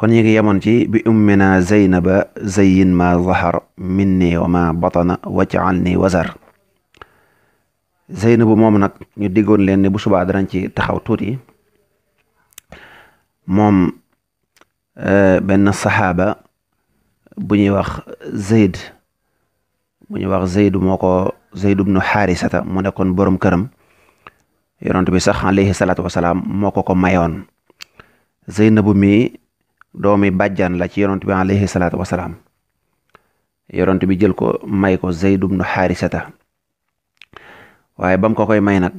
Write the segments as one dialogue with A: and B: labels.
A: kon ñu ngi yemoon ci bi na zeynaba zeyin ma zahar minni wa ma batana waj'alni wazar zeynabu moom nag ñu diggoon leen ni bu subaa danañ ci taxaw tuuti moom euh, benn saxaaba bu ñuy wax zeyd bu ñuy wax zeydu moo ko zeydu bnu xaarisata mu nekkoon borom këram yonent bi sax alayhi salaatu wasalaam moo ko ko mayoon zeynabu mi doomi bàjjan la ci yonent bi alayhi salaatu wasalaam yoront bi jël ko may ko Zayd ibnu Xaarisata waaye bam ko koy may nag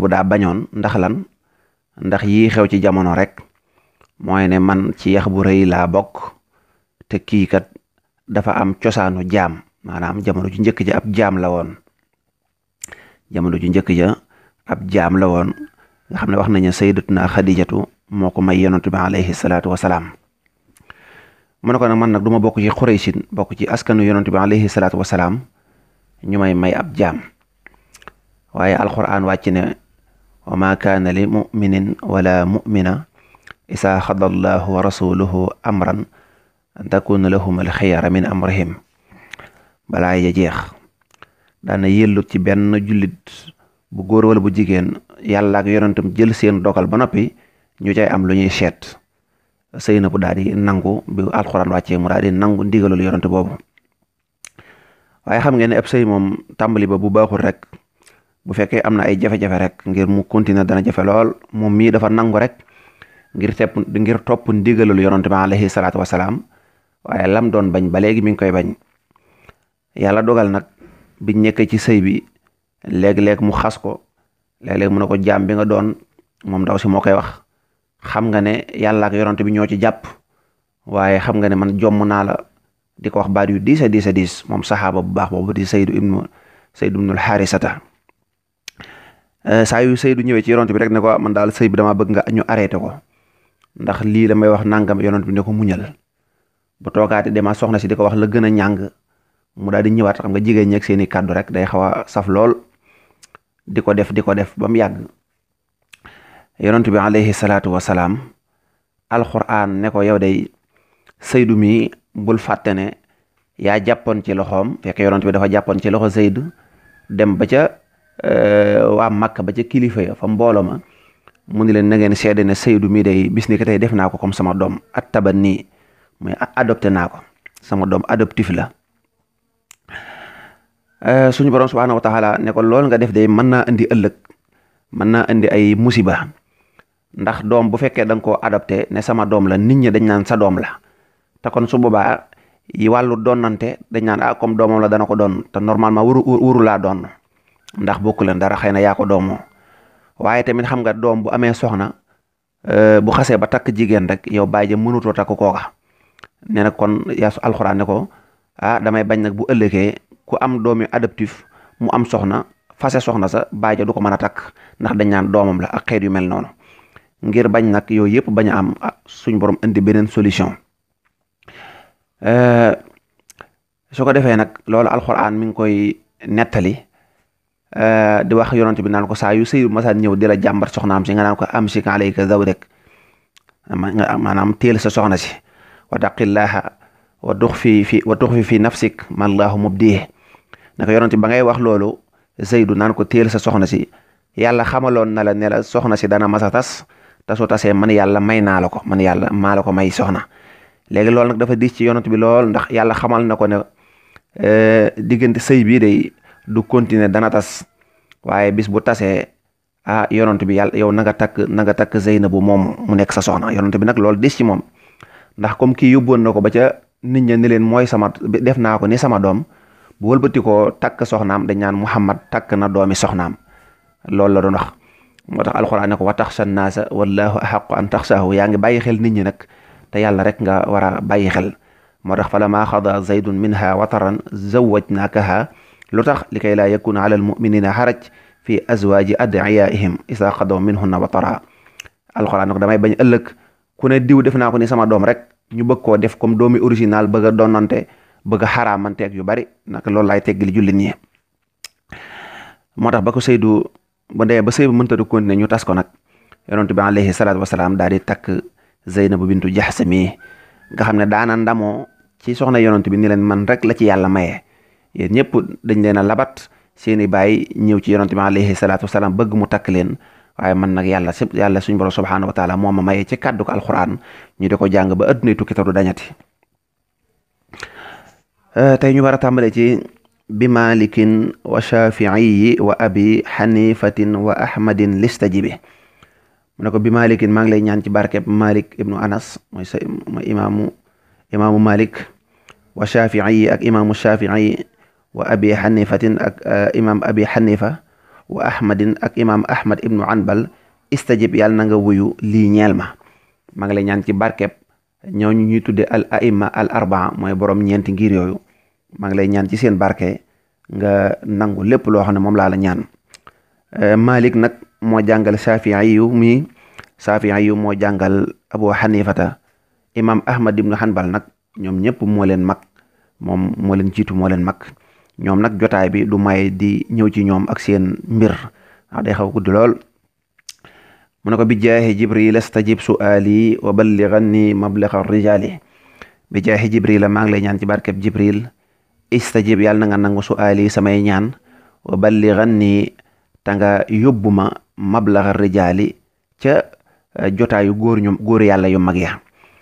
A: bu daa bañoon ndax lan ndax yii xew ci jamono rek mooy ne man ci yax bu rëy laa bokk te kii kat dafa am cosaanu jaam maanaam jamono ju njëkk ja ab jaam la woon jamono ju njëkk ja ab jaam la woon nga xam ne wax nañu sayyidatuna Xadijatu moo ko may yonent bi alayhi wasalaam mu ne ko nag man nag du ma bokk ci xuraysin bokk ci askanu yonent bi alayhi salaatu wasalaam ñu may may ab jaam waaye alquran wàcc ne wa ma kaana li muminin wala mumina isaa xada wa rasuluhu amran an takuna lahum alxiyara min amrihim balaa ya jeex daana yellut ci benn jullit bu góor wala bu jigéen yàlla ak yonentam jël seen dogal ba noppi ñu cay am lu ñuy seet sëy na bu daal di nangu bi alxuraan wàccee mu daal di nangu ndigalul yonante boobu waaye xam ngeen ne ab sëy moom tàmbali ba bu baaxul rek bu fekkee am na ay jafe-jafe rek ngir mu continuer dana jafe lool moom mii dafa nangu rek ngir tepp ngir topp ndigalul yonante bi alayhi salaatu wasalaam waaye lam doon bañ ba léegi mi ngi koy bañ yàlla dogal nag biñ nekk ci sëy bi léeg-léeg mu xas ko léeg-léeg mu ne ko jaam bi nga doon moom ndaw si moo koy wax xam nga ne yàllaa ko yoront bi ñoo ci jàpp waaye xam nga ne man jomm naa la di ko wax baat yu diis a diis a moom saxaaba bu baax boobu di saydu ibnu saydu ibnul xaarisata euh, saa yu saydu ñëwee ci yonante bi rek ne ko man daal sëy bi dama bëgg nga ñu arrêté ko ndax lii la may wax nangam yonante bi ne ko muñal bu toogaatee dama soxna si di ko wax la gën a ñàng mu daal di ñëwaat xam nga jigéen ñeeg seeni kàddu rek day xaw a saf lool di ko def di ko def ba mu yàgg yonent bi alayhi salaatu wasalaam alxuraan ne ko yow day saydu mi bul fàtte ne yaa jàppoon ci loxoom fekk yonent bi dafa jàppoon ci loxo saydu dem ba ca euh, waa Makka ba ca kilifa ya fa mbooloo ma mu ni leen na ngeen seede ne saydu mii day bis ni def naa ko comme sama doom at taban nii muy adopté naa ko sama doom adoptif la euh, suñu borom subhaanahu wa taala ne ko lool nga def day mën naa indi ëllëg mën naa indi ay musiba ndax doom bu fekkee da nga koo adopté ne sama doom la nit ñi dañ naan sa doom la te kon su boobaa yi wàllu donnante dañ naan ah comme doomam la dana ko doon te normalement waru waru laa doon ndax bokku leen dara xëy na yaa ko doomoo waaye tamit xam nga doom bu amee soxna euh, bu xasee ba takk jigéen rek yow bàyyi ja mënutoo takk kooka nee na kon yaa su alxuraan ne ko ah damay bañ nag bu ëllëgee ku am doomi adoptif mu am soxna fase soxna sa bàyyi du ko mën a takk ndax dañ naan doomam la ak xeet yu mel noonu ngir bañ nag yooyu yëpp bañ a am ah, suñ borom indi beneen solution euh, su ko defee nag loolu alxuraan mi ngi koy nettali euh, di wax yonent bi naan ko saa yu sëy masaan ñëw di la soxna soxnaam si nga naan ko am si a alayka zawjak maanaam teel sa soxna si wa taqillaaha wa tux fi fi wa tux fi fi nafsik ma laahu mubdihi naka yonent ba ngay wax loolu Zeydu naan ko teel sa soxna si yàlla xama na la ne soxna si dana masa tas te soo tasee man yàlla may naa la ko man yàlla maa la ko may soxna léegi loolu nag dafa diis ci yonent bi lool ndax yàlla xamal na ko ne e, diggante sëy bii day du continuer dana tas waaye bis bu tasee ah yonent bi yàlla yow na nga takk na nga takk Zeynabu moom mu nekk sa soxna yonent bi nag loolu diis ci moom ndax comme kii yóbboon na ko ba ca nit ña ni leen mooy sama def naa ko ni sama doom bu wëlbatikoo ko takk soxnaam dañ naan Muhammad takk na doomi soxnaam loolu la doon wax moo tax alxuraan ne ko wa taxsa naasa wallahu axaqu an taxsahu yaa ngi bàyyi xel nit ñi nag te yàlla rek nga war a bàyyi xel moo tax falamaa xada zaydun minha wataran zawajnaakaha lu tax li kay laa yakuna ala almuminina xaraj fi azwaaji adiyaihim isa xadaw minhunna watara alxuraan ne ko damay bañ ëllëg ku ne diw def naa ko ni sama doom rek ñu bëgg koo def comme doomi original bëgg a donnante bëgg a xaraamanteeg yu bari naka loolu laay tegg li jullit ñi moo tax ba ko Seydou ba dee ba sëy ba mënta du continuer ñu tas ko nag yonent bi alayhi salaatu wasalaam nga xam ne daana ndamoo ci soxna yonent bi ni leen man rek la ci yàlla maye yéen ñëpp dañ leen a labat seeni baay ñëw ci yonent bi alayhi salaatu wasalaam bëgg mu takk leen waaye man nag yàlla si yàlla suñu borom subhaanahu wa taala moo ma maye ci kàddu ko alxuraan ñu de ko jàng ba addunay tukki te du dañati euh, tey ñu war a tàmbalee ci bi malikin wa shafiiyi wa abi xanifatin wa ahmadin listajibi mu ne ko bi malikin maa ngi lay ñaan ci barkeb malik ibnu anas mooy sa mooy imaamu imaamu malik wa shafiiyi ak imaamu shafiiyi wa abi xanifatin ak eh, imaam abi xanifa wa ahmadin ak imaam ahmad ibnu anbal istajib yàlla na nga wuyu lii ñeel ma maa ngi lay ñaan ci barkeb ñooñu ñuy tudde al aima al arbaa mooy borom ñeenti ngir yooyu maa ngi lay ñaan ci seen barke nga nangu lépp loo xam ne moom laa la ñaan euh, Malik nag moo jàngal Shafii yu mi Shafii yu moo jàngal Abu Hanifata imam Ahmad ibnu bal nag ñoom ñëpp moo leen mag moom moo leen jiitu moo leen mag ñoom nag jotaay bi du may di ñëw ci ñoom ak seen mbir ndax ah, day xaw guddi lool mu ne ko bi jaahi jibril astajib su'ali wa ballighanni mablaxa rijaali bi jaahi jibril maa ngi lay ñaan ci barkeb jibril istajib yàlla na nga nangu su aali samay ñaan wa balligan ni ta nga yóbbu ma mablaxa rijaali ca eh, jotaayu góor góor yàlla yu mag ya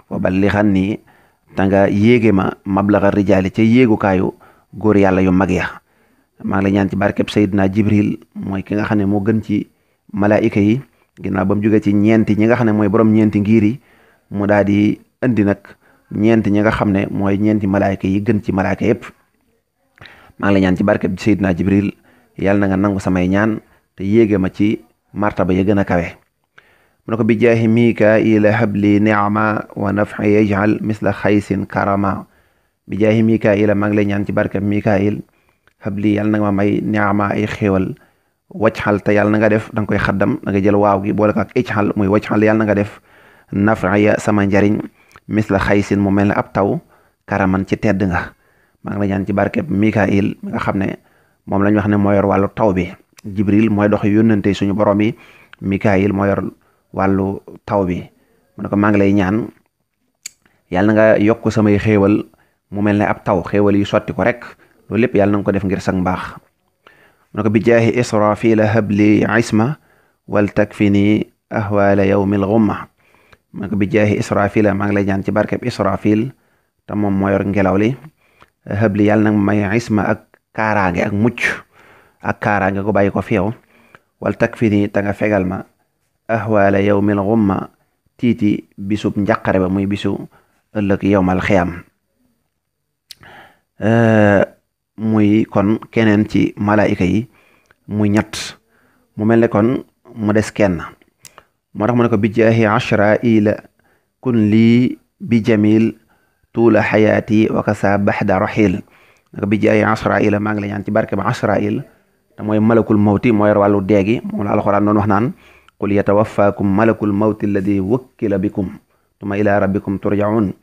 A: wa balligan nii yéege ma mablaxa rijaali ca yéegukaayu góor yàlla yu mag ya maa ngi la ñaan ci barkeb Seydina Jibril mooy ki nga xam ne moo gën ci malaayika yi ginnaaw ba mu jógee ci ñeenti ñi nga xam ne mooy borom ñeenti ngiir yi mu daal di indi nag ñeenti ñi nga xam ne mooy ñeenti malaayika yi gën ci malaayika yépp maa la ñaan ci barke bi Seydina Jibril yàlla na nga nangu samay ñaan te yéege ma ci martaba ya gën a kawe mu ne ko bi jaahi mikaila habli niama wa nafi yajal misla xaysin karama bi jaahi mikaila maa ngi lay ñaan ci barke miikaa mikail habli yàlla na nga ma may niama ay xéewal wacxal te yàlla nanga def danga nga koy xaddam da nga jël waaw gi boole ko ak ijxal muy wacxal yàlla na nga def nafa ya sama njariñ mis la xaysin mu mel ne ab taw karaman ci tedd nga maa ngi la ñaan ci barkeb Mikail mi nga xam ne moom la ñu wax ne moo yor wàllu taw bi Jibril mooy dox yónnante suñu borom yi Mikail moo yor wàllu taw bi mu ne ko maa ngi lay ñaan yàlla na nga yokk samay xéewal mu mel ne ab taw xéewal yu sotti ko rek loolu lépp yàlla na nga ko def ngir sag baax mu ne ko bi jaahi israfila habli isma wal takfini ahwaala yawmil ghumma mu ne ko bi jaahi israfila maa ngi lay ñaan ci barkeb israfil te moom moo yor ngelaw li xëbli yàlla nag may isma ak kaaraange ak mucc ak kaaraange ko bàyyi ko fi yow wal takfi nii ta nga fegal ma ahwaala yawmil xumma tiiti bisub njàqare ba muy bisu ëllëg yowmal xiyam muy kon keneen ci malaayika yi muy ñett mu mel ne kon mu des kenn moo tax mu ne bijaahi ila kun lii bi tuula xayaati wakasa baxda raxil naka bi jaay asrail maa ngi la ñaan ci barke ba asrail te mooy malakul mawti moo wallu wàllu deegi moom la alxuraan doon wax naan qul yatawafaakum malakul mawti alladi wakkila bikum tuma ila rabbikum turjaun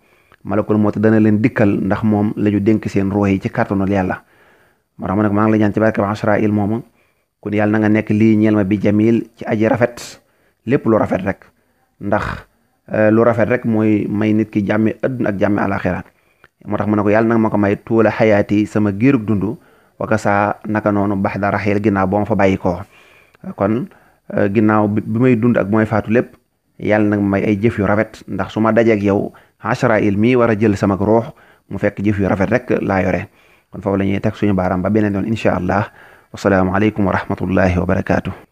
A: malakul mawti dana leen dikkal ndax moom la ñu dénk seen ruux yi ci kàttanul yàlla moo tax ma nag maa ngi la ñaan ci barke ba asrail moomu kon yàlla na nga nekk lii ñeel ma bi jamil ci aji rafet lépp lu rafet rek Euh, lu rafet rek mooy may nit ki jàmme adduna ak jàmme alaxira moo tax mun ne ko yàlla nag ma ko may tuula xayaati sama giirug dund waka saa naka noonu bax da raxiil ginnaaw boo ma fa bàyyi koo kon euh, ginnaaw bi may dund ak mooy faatu lépp yàlla nag may ay jëf yu rafet ndax su ma dajeeg yow achara il mii war a jël sama ruux mu fekk jëf yu rafet rek laa yore kon foofu la ñuy teg suñu baaraam ba beneen yoon incha allah wasalaamualeykum wa rahmatullahi wa barakaatu.